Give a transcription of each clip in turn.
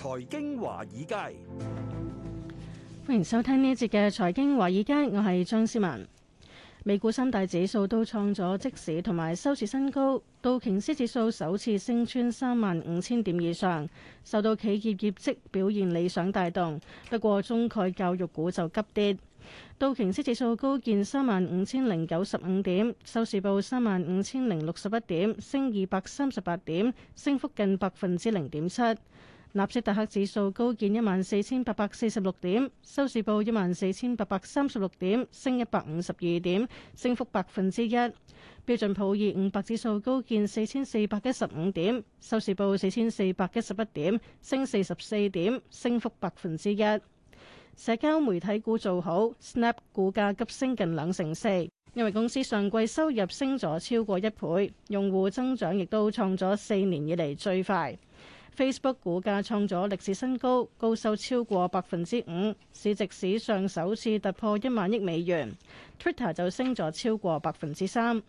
財經華爾街，歡迎收聽呢一節嘅財經華爾街。我係張思文。美股三大指數都創咗即市同埋收市新高，道瓊斯指數首次升穿三萬五千點以上，受到企業業績表現理想帶動。不過，中概教育股就急跌。道瓊斯指數高見三萬五千零九十五點，收市報三萬五千零六十一點，升二百三十八點，升幅近百分之零點七。納斯達克指數高見一萬四千八百四十六點，收市報一萬四千八百三十六點，升一百五十二點，升幅百分之一。標準普爾五百指數高見四千四百一十五點，收市報四千四百一十一點，升四十四點，升幅百分之一。社交媒體股做好，Snap 股價急升近兩成四，因為公司上季收入升咗超過一倍，用戶增長亦都創咗四年以嚟最快。Facebook 股價創咗歷史新高，高收超過百分之五，市值史上首次突破一萬億美元。Twitter 就升咗超過百分之三。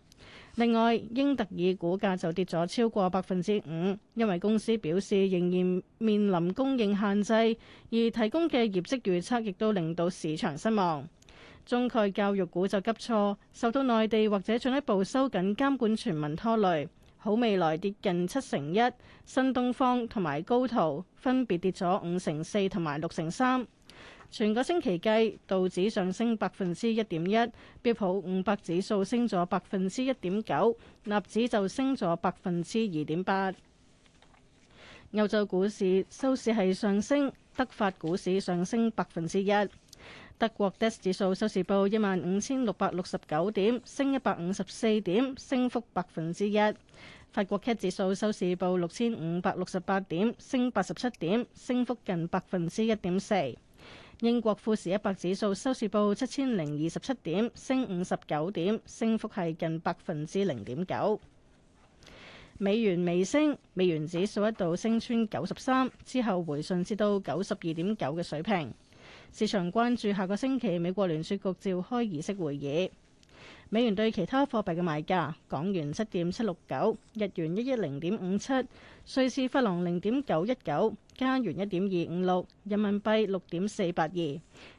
另外，英特爾股價就跌咗超過百分之五，因為公司表示仍然面臨供應限制，而提供嘅業績預測亦都令到市場失望。中概教育股就急挫，受到內地或者進一步收緊監管傳聞拖累。好未來跌近七成一，新東方同埋高途分別跌咗五成四同埋六成三。全個星期計，道指上升百分之一點一，標普五百指數升咗百分之一點九，納指就升咗百分之二點八。歐洲股市收市係上升，德法股市上升百分之一。德國 DAX 指數收市報一萬五千六百六十九點，升一百五十四點，升幅百分之一。法國 CAC 指數收市報六千五百六十八點，升八十七點，升幅近百分之一點四。英國富時一百指數收市報七千零二十七點，升五十九點，升幅係近百分之零點九。美元微升，美元指數一度升穿九十三，之後回順至到九十二點九嘅水平。市場關注下個星期美國聯儲局召開議息會議，美元兌其他貨幣嘅賣價：港元七點七六九，日元一一零點五七，瑞士法郎零點九一九，加元一點二五六，人民幣六點四八二，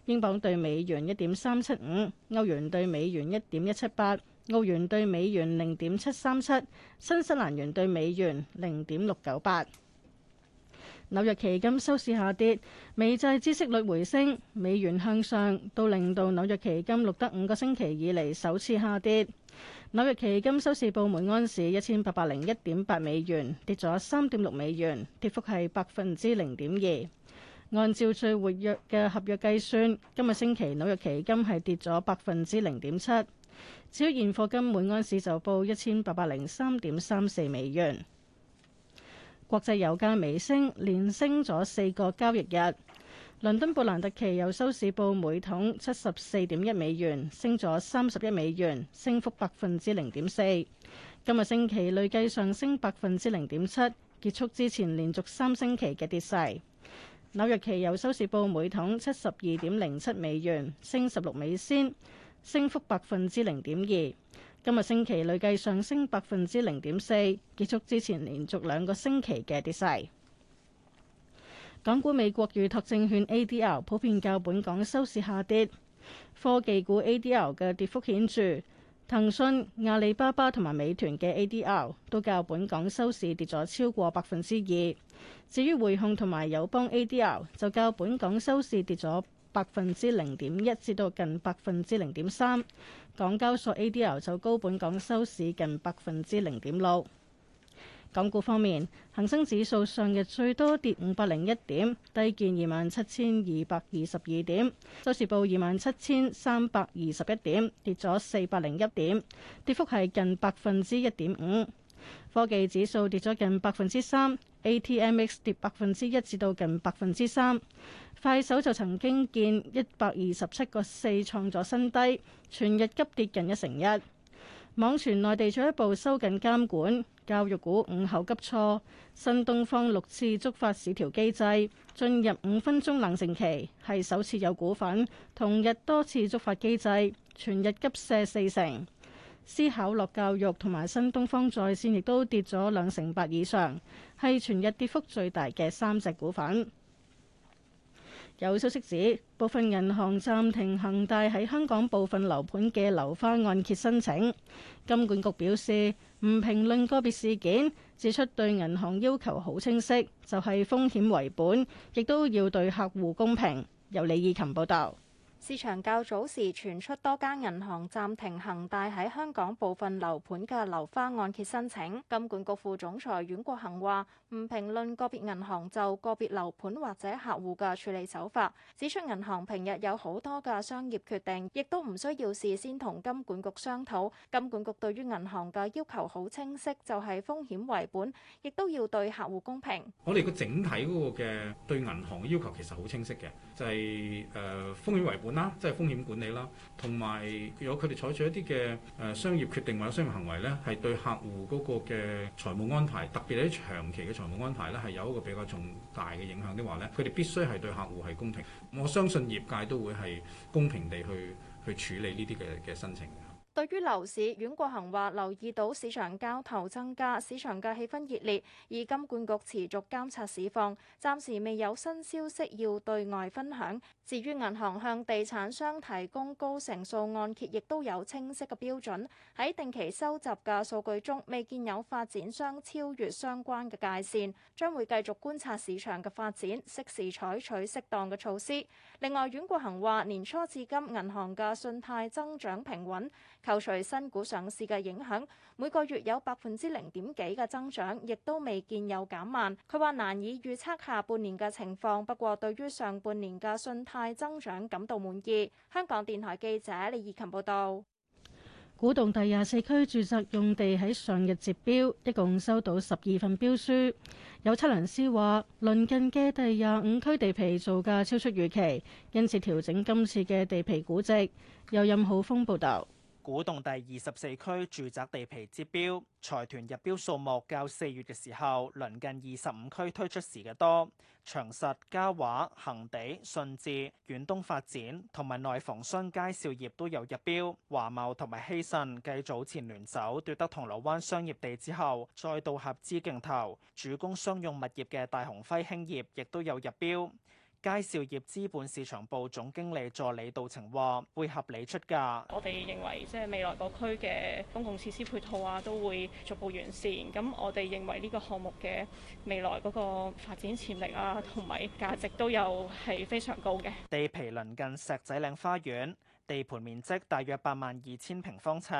英鎊兌美元一點三七五，歐元兌美元一點一七八，澳元兌美元零點七三七，新西蘭元兌美元零點六九八。紐約期金收市下跌，美債孳息率回升，美元向上，都令到紐約期金錄得五個星期以嚟首次下跌。紐約期金收市報每安士一千八百零一點八美元，跌咗三點六美元，跌幅係百分之零點二。按照最活躍嘅合約計算，今個星期紐約期金係跌咗百分之零點七。至於現貨金每安士就報一千八百零三點三四美元。國際油價微升，連升咗四個交易日。倫敦布蘭特期油收市報每桶七十四點一美元，升咗三十一美元，升幅百分之零點四。今日星期累計上升百分之零點七，結束之前連續三星期嘅跌勢。紐約期油收市報每桶七十二點零七美元，升十六美仙，升幅百分之零點二。今日星期累計上升百分之零點四，結束之前連續兩個星期嘅跌勢。港股美國預託證券 A.D.L 普遍較本港收市下跌，科技股 A.D.L 嘅跌幅顯著，騰訊、阿里巴巴同埋美團嘅 A.D.L 都較本港收市跌咗超過百分之二。至於匯控同埋友邦 A.D.L 就較本港收市跌咗百分之零點一至到近百分之零點三。港交所 ADR 走高，本港收市近百分之零點六。港股方面，恒生指數上日最多跌五百零一點，低見二萬七千二百二十二點，收市報二萬七千三百二十一點，跌咗四百零一點，跌幅係近百分之一點五。科技指數跌咗近百分之三。ATMX 跌百分之一至到近百分之三，快手就曾經見一百二十七個四創咗新低，全日急跌近一成一。網傳內地進一步收緊監管，教育股午後急挫，新東方六次觸發市調機制，進入五分鐘冷靜期，係首次有股份同日多次觸發機制，全日急瀉四成。思考樂教育同埋新東方在線亦都跌咗兩成八以上，係全日跌幅最大嘅三隻股份。有消息指部分銀行暫停恒大喺香港部分樓盤嘅樓花按揭申請。金管局表示唔評論個別事件，指出對銀行要求好清晰，就係風險為本，亦都要對客戶公平。由李義琴報道。市場較早時傳出多間銀行暫停恒大喺香港部分樓盤嘅樓花按揭申請。金管局副總裁阮國恒話：唔評論個別銀行就個別樓盤或者客戶嘅處理手法。指出銀行平日有好多嘅商業決定，亦都唔需要事先同金管局商討。金管局對於銀行嘅要求好清晰，就係風險為本，亦都要對客戶公平。我哋個整體嗰個嘅對銀行嘅要求其實好清晰嘅，就係、是、誒、呃、風險為本。啦，即係風險管理啦，同埋如果佢哋採取一啲嘅誒商業決定或者商業行為咧，係對客戶嗰個嘅財務安排，特別係啲長期嘅財務安排咧，係有一個比較重大嘅影響的話咧，佢哋必須係對客戶係公平。我相信業界都會係公平地去去處理呢啲嘅嘅申請嘅。對於樓市，阮國恒話留意到市場交投增加，市場嘅氣氛熱烈，而金管局持續監察市況，暫時未有新消息要對外分享。至於銀行向地產商提供高成數按揭，亦都有清晰嘅標準。喺定期收集嘅數據中，未見有發展商超越相關嘅界線，將會繼續觀察市場嘅發展，適時採取適當嘅措施。另外，阮國恒話年初至今，銀行嘅信貸增長平穩。扣除新股上市嘅影響，每個月有百分之零點幾嘅增長，亦都未見有減慢。佢話難以預測下半年嘅情況，不過對於上半年嘅信貸增長感到滿意。香港電台記者李以琴報導。古洞第廿四區住宅用地喺上日截標，一共收到十二份標書。有測量師話，鄰近嘅第廿五區地皮造價超出預期，因此調整今次嘅地皮估值。有任浩峰報導。古洞第二十四區住宅地皮接標，財團入標數目較四月嘅時候，鄰近二十五區推出時嘅多。長實、嘉華、恒地、順治、遠東發展同埋內房商佳兆業都有入標。華懋同埋希慎繼早前聯手奪得銅鑼灣商業地之後，再度合資競投。主攻商用物業嘅大鴻輝興業亦都有入標。佳兆業資本市場部總經理助理杜晴話：會合理出價。我哋認為，即係未來個區嘅公共設施配套啊，都會逐步完善。咁我哋認為呢個項目嘅未來嗰個發展潛力啊，同埋價值都有係非常高嘅。地皮鄰近石仔嶺花園。地盤面積大約八萬二千平方尺，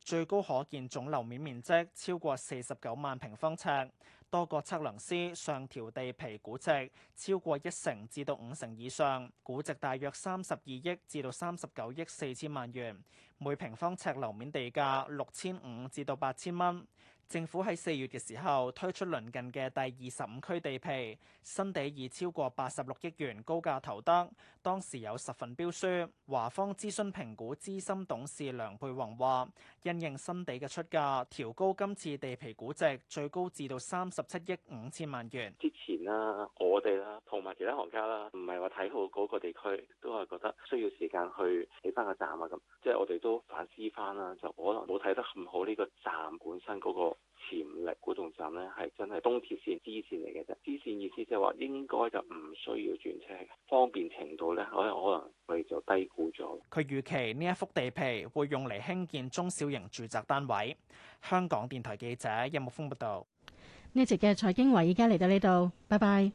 最高可見總樓面面積超過四十九萬平方尺。多個測量師上調地皮估值，超過一成至到五成以上，估值大約三十二億至到三十九億四千萬元，每平方尺樓面地價六千五至到八千蚊。8, 政府喺四月嘅時候推出鄰近嘅第二十五區地皮，新地以超過八十六億元高價投得。當時有十份標書，華方諮詢評估資深董事梁佩宏話，因應新地嘅出價調高，今次地皮估值最高至到三十七億五千萬元。之前啦，我哋啦同埋其他行家啦，唔係話睇好嗰個地區，都係覺得需要時間去起返個站啊。咁即係我哋都反思返啦，就可能冇睇得咁好呢個站本身嗰、那個。潛力。古洞站呢係真係東鐵線支線嚟嘅啫。支線意思就係話應該就唔需要轉車，方便程度咧，我哋可能我哋就低估咗。佢預期呢一幅地皮會用嚟興建中小型住宅單位。香港電台記者任木峯報道。呢節嘅財經華爾街，而家嚟到呢度，拜拜。